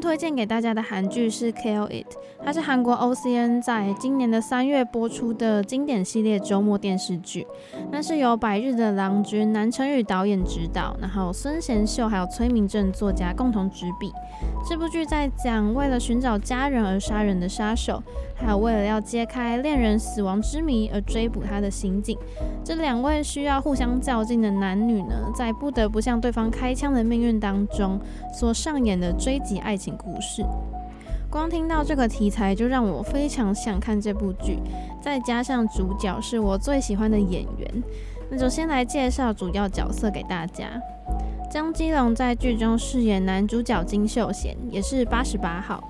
推薦給大家的韓劇是《Kill It》，它是韓國 OCN 在今年的三月播出的經典系列周末電視劇。那是由百日的郎君南成宇導演執導，然後孫賢秀還有崔明正作家共同執筆。這部劇在講為了尋找家人而殺人的殺手，還有為了要揭開戀人死亡之謎而追捕他的刑警。這兩位需要互相較勁的男女呢，在不得不向對方開槍的命運當中，所上演的追擊愛情。故事，光聽到這個題材就讓我非常想看這部劇，再加上主角是我最喜歡的演員，那就先來介紹主要角色給大家。張基龍在劇中飾演男主角金秀賢，也是八十八號。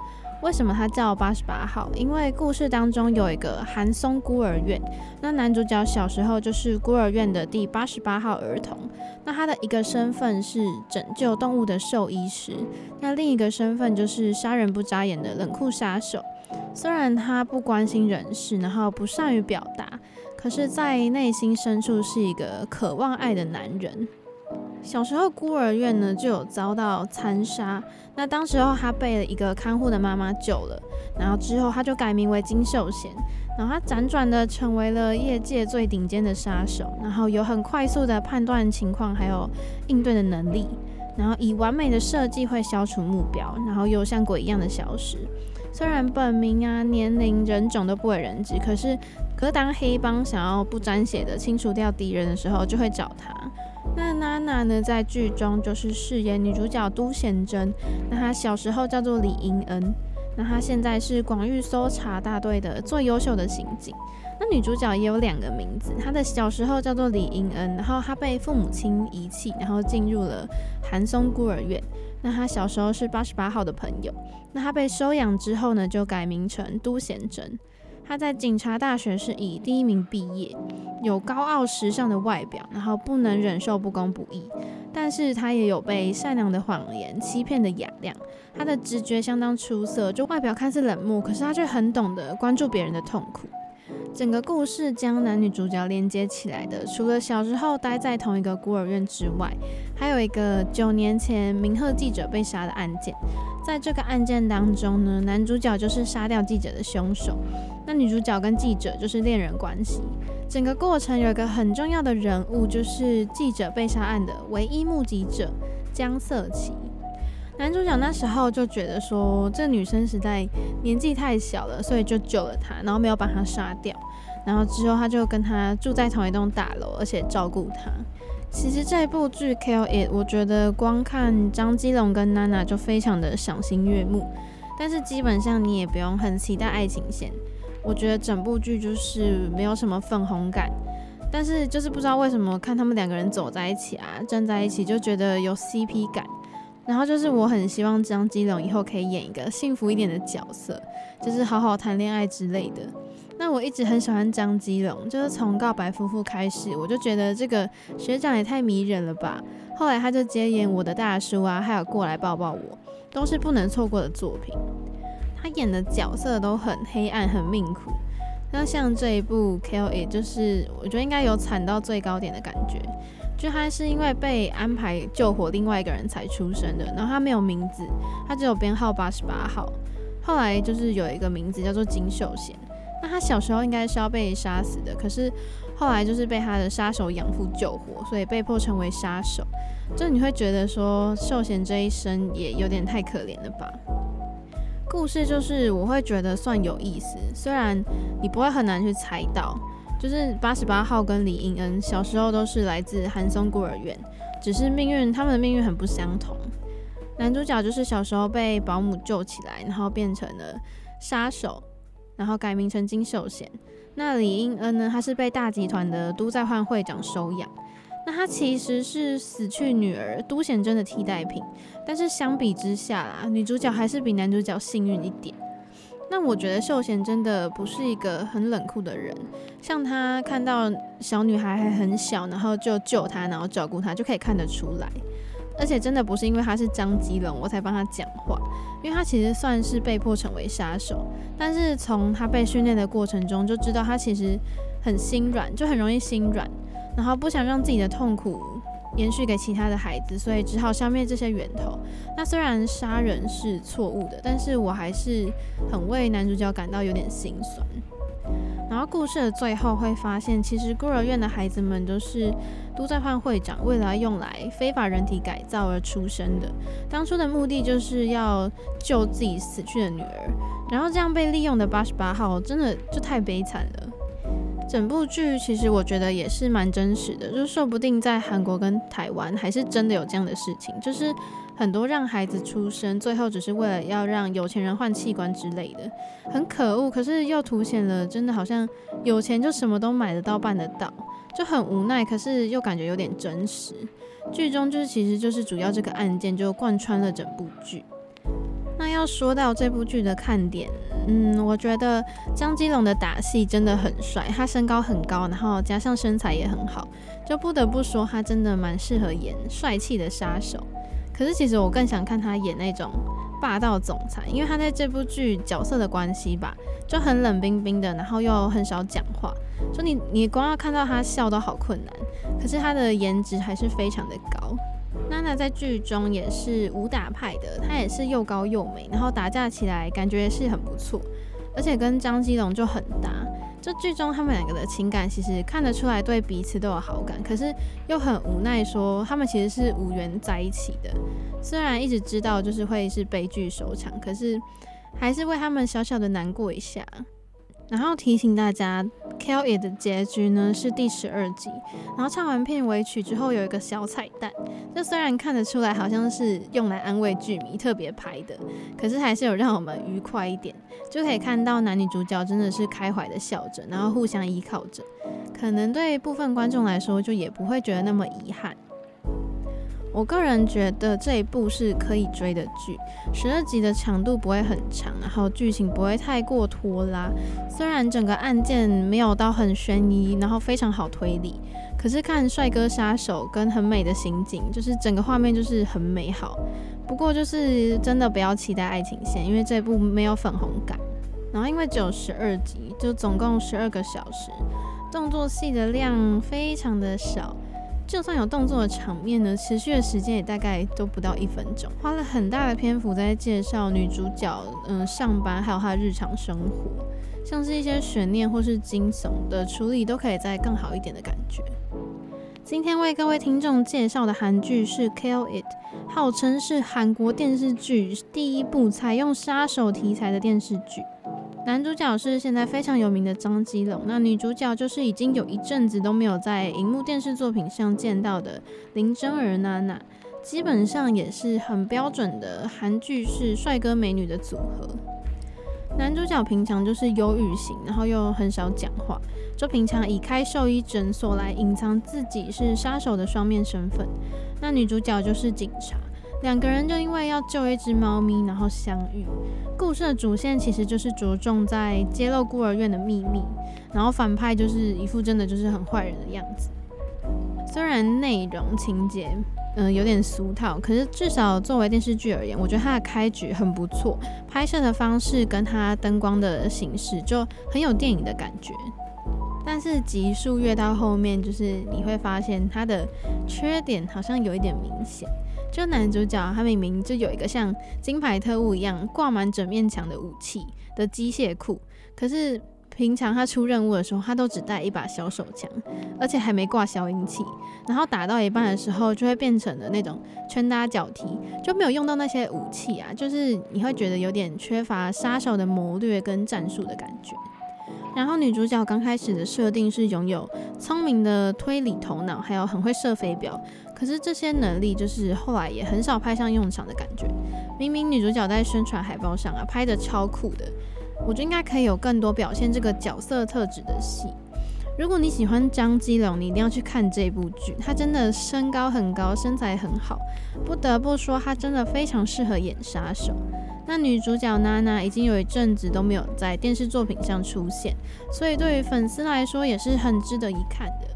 為什麼他叫八十八號？因為故事當中有一個寒松孤兒院，那男主角小時候就是孤兒院的第八十八號兒童。那他的一個身份是拯救動物的獸醫師，那另一個身份就是殺人不眨眼的冷酷殺手。雖然他不關心人事，然後不善於表達，可是在內心深處是一個渴望愛的男人。小時候孤兒院呢，就有遭到殘殺，那當時候他被了一個看護的媽媽救了，然後之後他就改名為金秀賢，然後他輾轉的成為了業界最頂尖的殺手，然後有很快速的判斷情況還有應對的能力，然後以完美的設計會消除目標，然後又像鬼一樣的消失。雖然本名啊、年齡、人種都不為人知，可是可是當黑幫想要不沾血的清除掉敵人的時候，就會找他。那娜娜呢，在劇中就是飾演女主角都賢珍。那她小時候叫做李英恩。那她現在是廣域搜查大隊的最優秀的刑警。那女主角也有兩個名字，她的小時候叫做李英恩，然後她被父母親遺棄，然後進入了韓松孤兒院。那她小時候是八十八號的朋友。那她被收養之後呢，就改名成都賢珍。他在警察大學是以第一名畢業，有高傲時尚的外表，然後不能忍受不公不義，但是他也有被善良的謊言欺騙的雅量。他的直覺相當出色，就外表看似冷漠，可是他卻很懂得關注別人的痛苦。整個故事將男女主角連接起來的，除了小時候待在同一個孤兒院之外，還有一個九年前明赫記者被殺的案件。在這個案件當中呢，男主角就是殺掉記者的兇手。那女主角跟記者就是戀人關係。整個過程有一個很重要的人物，就是記者被殺案的唯一目擊者江瑟琪。男主角那時候就覺得說，這女生實在年紀太小了，所以就救了她，然後沒有把她殺掉。然後之後他就跟她住在同一棟大樓，而且照顧她。其實這部劇《Kill It》，我覺得光看張基龍跟娜娜就非常的賞心悅目，但是基本上你也不用很期待愛情線。我覺得整部劇就是沒有什麼粉紅感，但是就是不知道為什麼看他們兩個人走在一起啊，站在一起就覺得有 CP 感。然後就是我很希望張基龍以後可以演一個幸福一點的角色，就是好好談戀愛之類的。那我一直很喜歡張基龍，就是從《告白夫婦》開始，我就覺得這個學長也太迷人了吧。後來他就接演《我的大叔》啊，還有過來抱抱我，都是不能錯過的作品。他演的角色都很黑暗、很命苦。那像這一部《Kill It》，就是我覺得應該有慘到最高點的感覺。就他是因為被安排救活另外一個人才出生的，然後他沒有名字，他只有編號八十八號。後來就是有一個名字叫做金秀賢。他小時候應該是要被殺死的，可是後來就是被他的殺手養父救活，所以被迫成為殺手。就你會覺得說秀賢這一生也有點太可憐了吧？故事就是我會覺得算有意思，雖然你不會很難去猜到。就是八十八號跟李英恩小時候都是來自韓松孤兒院，只是命運他們的命運很不相同。男主角就是小時候被保姆救起來，然後變成了殺手。然後改名成金秀賢。那李英恩呢？她是被大集團的都在煥會長收養。那她其實是死去女兒都賢真的替代品。但是相比之下啦，女主角還是比男主角幸運一點。那我覺得秀賢真的不是一個很冷酷的人，像他看到小女孩還很小，然後就救她，然後照顧她，就可以看得出來。而且真的不是因為他是張吉龍我才幫他講話，因為他其實算是被迫成為殺手。但是從他被訓練的過程中就知道，他其實很心軟，就很容易心軟，然後不想讓自己的痛苦延續給其他的孩子，所以只好消滅這些源頭。那雖然殺人是錯誤的，但是我還是很為男主角感到有點心酸。然後故事的最後會發現，其實孤兒院的孩子們都是都在換會長，為了用來非法人體改造而出生的。當初的目的就是要救自己死去的女兒，然後這樣被利用的八十八號真的就太悲慘了。整部劇其實我覺得也是蠻真實的，就說不定在韓國跟台灣還是真的有這樣的事情，就是。很多讓孩子出生，最後只是為了要讓有錢人換器官之類的，很可惡。可是又凸顯了，真的好像有錢就什麼都買得到、辦得到，就很無奈。可是又感覺有點真實。劇中就是，其實就是主要這個案件就貫穿了整部劇。那要說到這部劇的看點，嗯，我覺得張基龍的打戲真的很帥，他身高很高，然後加上身材也很好，就不得不說他真的蠻適合演帥氣的殺手。可是其實我更想看他演那種霸道總裁，因為他在這部劇角色的關係吧，就很冷冰冰的，然後又很少講話，所以你你光要看到他笑都好困難。可是他的顏值還是非常的高。娜娜在劇中也是武打派的，她也是又高又美，然後打架起來感覺是很不錯，而且跟張基龍就很搭。最終，那他們兩個的情感其實看得出來對彼此都有好感，可是又很無奈，說他們其實是無緣在一起的。雖然一直知道就是會是悲劇收場，可是還是為他們小小的難過一下。然後提醒大家，《Kill It》的結局呢是第十二集。然後唱完片尾曲之後，有一個小彩蛋。這雖然看得出來好像是用來安慰劇迷特別拍的，可是還是有讓我們愉快一點，就可以看到男女主角真的是開懷的笑着，然後互相依靠着。可能對部分觀眾來說，就也不會覺得那麼遺憾。我個人覺得這一部是可以追的劇，十二集的長度不會很長，然後劇情不會太過拖拉。雖然整個案件沒有到很懸疑，然後非常好推理，可是看帥哥殺手跟很美的刑警，就是整個畫面就是很美好。不過就是真的不要期待愛情線，因為這一部沒有粉紅感。然後因為只有十二集，就總共十二個小時，動作戲的量非常的少。就算有動作的場面呢，持續的時間也大概都不到一分鐘。花了很大的篇幅在介紹女主角，嗯、呃，上班還有她的日常生活，像是一些懸念或是驚悚的處理，都可以再更好一點的感覺。今天為各位聽眾介紹的韓劇是《Kill It》，號稱是韓國電視劇第一部採用殺手題材的電視劇。男主角是現在非常有名的張基龍，那女主角就是已經有一陣子都沒有在熒幕電視作品上見到的林珍兒娜娜，基本上也是很標準的韓劇式帥哥美女的組合。男主角平常就是憂鬱型，然後又很少講話，就平常以開獸醫診所來隱藏自己是殺手的雙面身份。那女主角就是警察。兩個人就因為要救一只貓咪，然後相遇。故事的主線其實就是着重在揭露孤兒院的秘密，然後反派就是一副真的就是很壞人的樣子。雖然內容情節嗯、呃、有點俗套，可是至少作為電視劇而言，我覺得它的開局很不錯。拍攝的方式跟它燈光的形式就很有電影的感覺。但是集數越到後面，就是你會發現他的缺點好像有一點明顯。就男主角他明明就有一個像金牌特務一樣掛滿整面牆的武器的機械庫，可是平常他出任務的時候，他都只帶一把小手槍，而且還沒掛消音器。然後打到一半的時候，就會變成了那種拳打腳踢，就沒有用到那些武器啊。就是你會覺得有點缺乏殺手的謀略跟戰術的感覺。然後女主角剛開始的設定是擁有聰明的推理頭腦，還有很會射飛鏢。可是這些能力就是後來也很少派上用場的感覺。明明女主角在宣傳海報上啊，拍得超酷的，我覺得應該可以有更多表現這個角色特質的戲。如果你喜歡張基龍，你一定要去看這部劇。他真的身高很高，身材很好，不得不說他真的非常適合演殺手。那女主角娜娜已經有一陣子都沒有在電視作品上出現，所以對於粉絲來說也是很值得一看的。